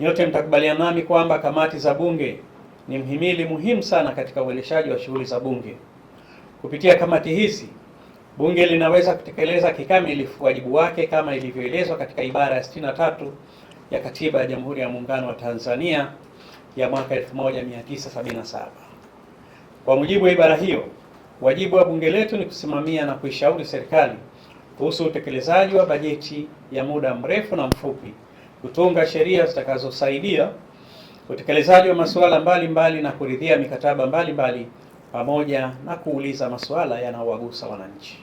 Nyote mtakubaliana nami kwamba kamati za bunge ni mhimili muhimu sana katika uendeshaji wa shughuli za bunge. Kupitia kamati hizi bunge linaweza kutekeleza kikamilifu wajibu wake kama ilivyoelezwa katika ibara ya 63 ya Katiba ya Jamhuri ya Muungano wa Tanzania ya mwaka 1977. Kwa mujibu wa ibara hiyo, wajibu wa bunge letu ni kusimamia na kuishauri serikali kuhusu utekelezaji wa bajeti ya muda mrefu na mfupi kutunga sheria zitakazosaidia utekelezaji wa masuala mbalimbali na kuridhia mikataba mbalimbali mbali, pamoja na kuuliza masuala yanayowagusa wananchi.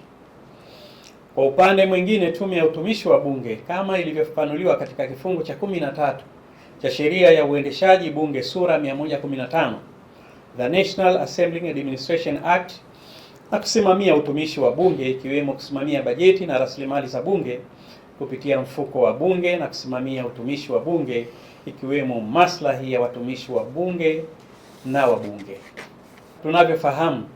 Kwa upande mwingine, Tume ya Utumishi wa Bunge kama ilivyofafanuliwa katika kifungu cha 13 cha sheria ya uendeshaji bunge sura 115 The National Assembly Administration Act na kusimamia utumishi wa bunge ikiwemo kusimamia bajeti na rasilimali za bunge kupitia mfuko wa Bunge na kusimamia utumishi wa Bunge ikiwemo maslahi ya watumishi wa Bunge na wabunge. Tunavyofahamu,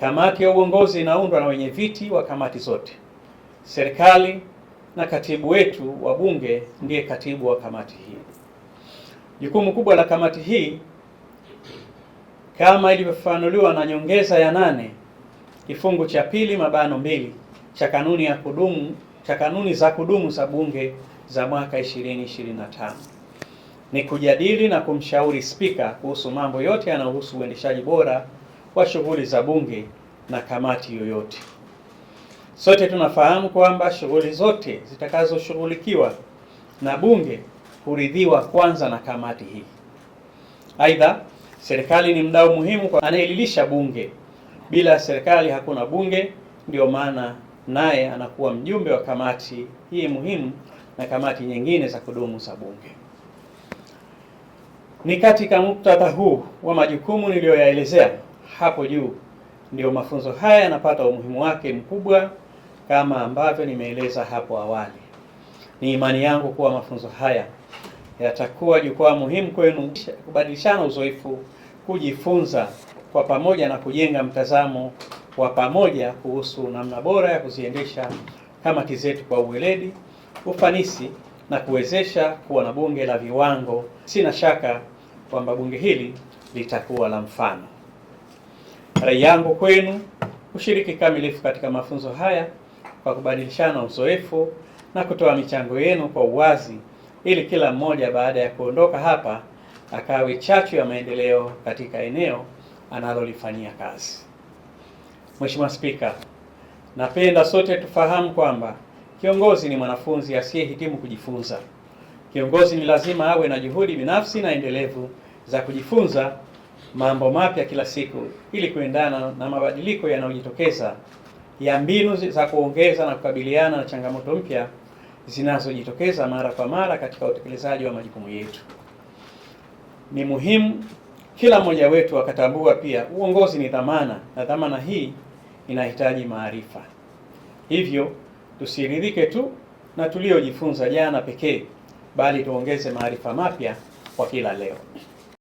kamati ya uongozi inaundwa na wenye viti wa kamati zote. Serikali na katibu wetu wa Bunge ndiye katibu wa kamati hii. Jukumu kubwa la kamati hii kama ilivyofafanuliwa na nyongeza ya nane kifungu cha pili mabano mbili cha kanuni ya kudumu cha kanuni za kudumu za bunge za mwaka 2025 ni kujadili na kumshauri spika kuhusu mambo yote yanayohusu uendeshaji bora wa shughuli za bunge na kamati yoyote. Sote tunafahamu kwamba shughuli zote zitakazoshughulikiwa na bunge huridhiwa kwanza na kamati hii. Aidha, serikali ni mdau muhimu kwa anayelilisha bunge. Bila serikali hakuna bunge, ndio maana naye anakuwa mjumbe wa kamati hii muhimu na kamati nyingine za kudumu za Bunge. Ni katika muktadha huu wa majukumu niliyoyaelezea hapo juu ndio mafunzo haya yanapata umuhimu wake mkubwa kama ambavyo nimeeleza hapo awali. Ni imani yangu kuwa mafunzo haya yatakuwa jukwaa muhimu kwenu kubadilishana uzoefu, kujifunza kwa pamoja na kujenga mtazamo wa pamoja kuhusu namna bora ya kuziendesha kamati zetu kwa uweledi, ufanisi na kuwezesha kuwa na bunge la viwango. Sina shaka kwamba bunge hili litakuwa la mfano. Rai yangu kwenu kushiriki kamilifu katika mafunzo haya kwa kubadilishana uzoefu na kutoa michango yenu kwa uwazi, ili kila mmoja baada ya kuondoka hapa akawe chachu ya maendeleo katika eneo analolifanyia kazi. Mheshimiwa Spika, napenda sote tufahamu kwamba kiongozi ni mwanafunzi asiyehitimu kujifunza. Kiongozi ni lazima awe na juhudi binafsi na endelevu za kujifunza mambo mapya kila siku ili kuendana na mabadiliko yanayojitokeza ya mbinu za kuongeza na kukabiliana na changamoto mpya zinazojitokeza mara kwa mara katika utekelezaji wa majukumu yetu. Ni muhimu kila mmoja wetu akatambua pia uongozi ni dhamana, na dhamana hii inahitaji maarifa. Hivyo tusiridhike tu na tuliojifunza jana pekee, bali tuongeze maarifa mapya kwa kila leo.